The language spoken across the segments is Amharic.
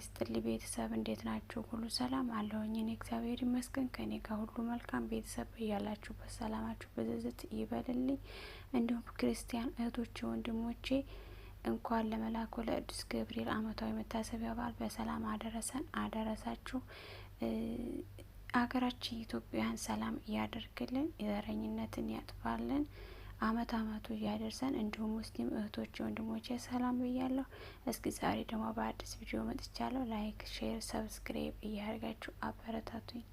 ይስጥልኝ ቤተሰብ እንዴት ናችሁ? ሁሉ ሰላም አለሁኝ። እኔ እግዚአብሔር ይመስገን ከኔ ጋር ሁሉ መልካም። ቤተሰብ እያላችሁበት ሰላማችሁ ብዝዝት ይበልልኝ። እንዲሁም ክርስቲያን እህቶቼ፣ ወንድሞቼ እንኳን ለመልአኩ ለቅዱስ ገብርኤል ዓመታዊ መታሰቢያ በዓል በሰላም አደረሰን አደረሳችሁ። አገራችን ኢትዮጵያን ሰላም እያደርግልን፣ የዘረኝነትን ያጥፋልን። አመት አመቱ እያደርሰን። እንዲሁም ሙስሊም እህቶች ወንድሞቼ ሰላም ብያለሁ። እስኪ ዛሬ ደግሞ በአዲስ ቪዲዮ መጥቻለሁ። ላይክ፣ ሼር፣ ሰብስክራይብ እያደርጋችሁ አበረታቱኝ።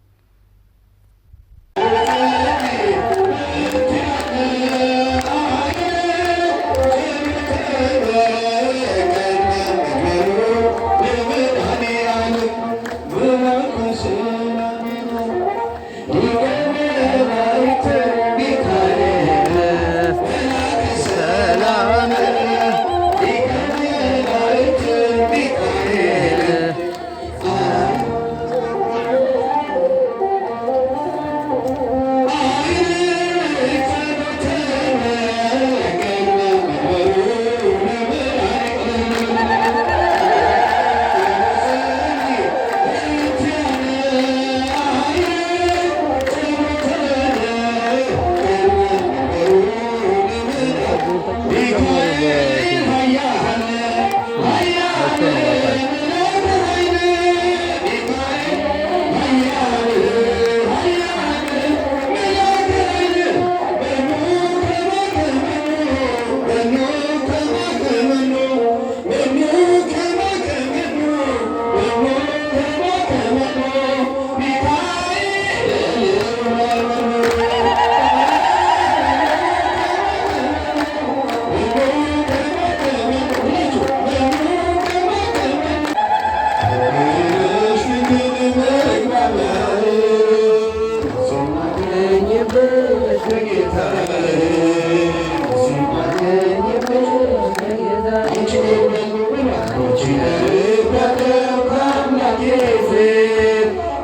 Big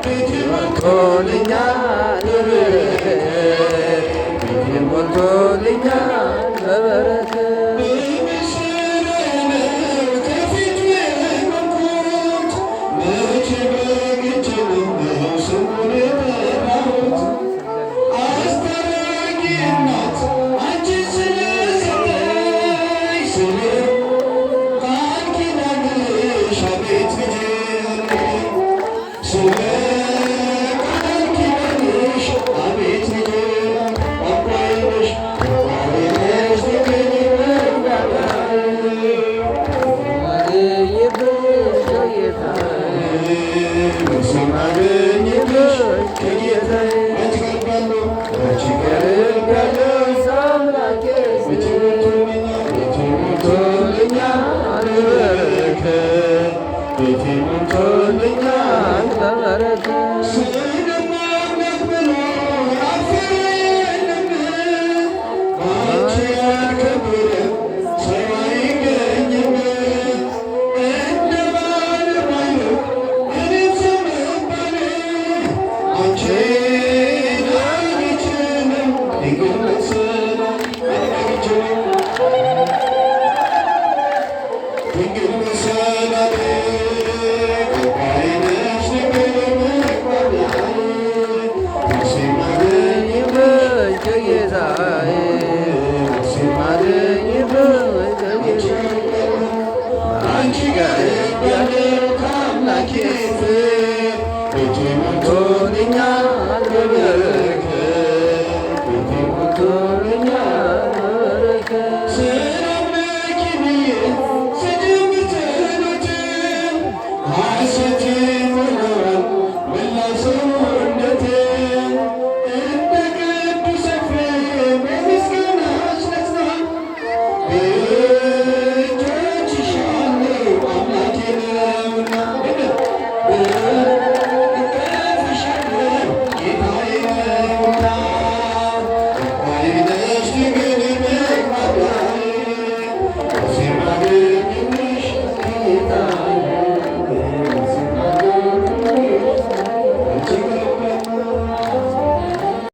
Bütün Senhor.